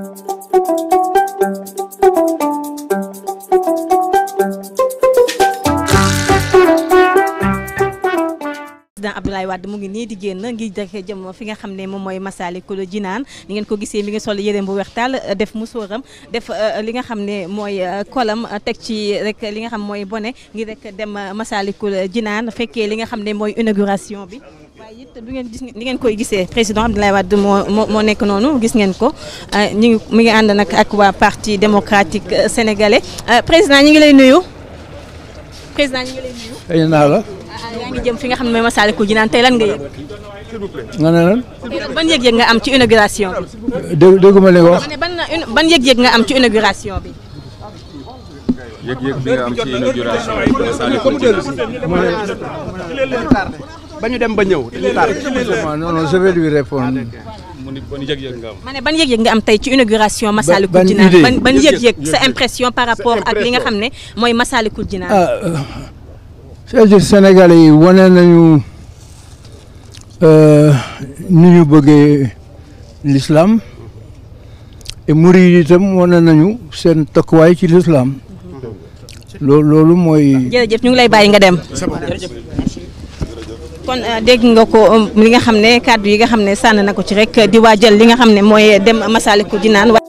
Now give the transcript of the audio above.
président Abdoulaye Wade mu ngi nii di génn ngir rek jëm fi nga xam ne moom mooy Massalikul Jinaan ni ngeen ko gisee mi ngi sol yére bu weex taal def musóoram def euh, li nga xam ne mooy euh, kolam teg ci rek li nga xam mooy bone ngir rek dem euh, Massalikul Jinaan fekkee li nga xam ne mooy inauguration bi waaye it du ngeen gis ni ngeen koy gisee président Abdoulaye Wade moo moo nekk noonu gis ngeen ko euh, ñu ngi mi ngi ànd na ak waa parti démocratique euh, sénégalais euh, président ñu ngi lay nuyu. président ñu ngi lay nuyu. xëy naa la. ngi jëm fi nga xam ne mooy Massalikul Jinaan tey lan nga yëg. nga ban yëg-yëg nga am ci inauguration bi. dé dégguma li nga wax. ban ban yëg-yëg nga am ci inauguration bi. ba ñu dem ba ñëw dañuy tardé. non non je vais lui répondre. Ah, mu ni ban yëg-yëg nga am. ma ne ban yëg-yëg nga am tey ci inauguration. Massalikul Jinaan ban ban yëg-yëg sa impression par rapport ak li nga xam ne mooy Massalikul Jinaan. ah euh, c'est-à-dire Sénégalais yi wane nañu euh, ni ñu bëggee l'islam et murid itam wane nañu seen takkuwaay ci l'islam mhm. loolu loolu mooy. jërëjëf ñu ngi lay bàyyi nga dem. kon euh, dégg nga ko um, li nga xam ne kàddu yi nga xam ne sànn na ko ci rek di waajal li nga xam ne mooy dem Masaalikul Jinaan